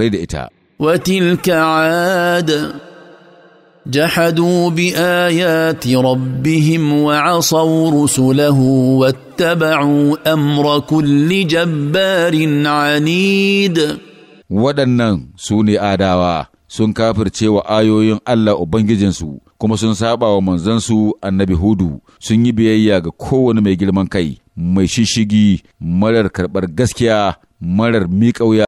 rai da ita. وتلك عاد جحدوا بايات ربهم وعصوا رسله واتبعوا امر kulli jabbarin عنيد waɗannan su ne adawa sun kafirce wa ayoyin Allah Ubangijinsu kuma sun saba wa manzansu annabi Hudu sun yi biyayya ga kowane mai girman kai mai shishigi marar karɓar gaskiya marar wuya.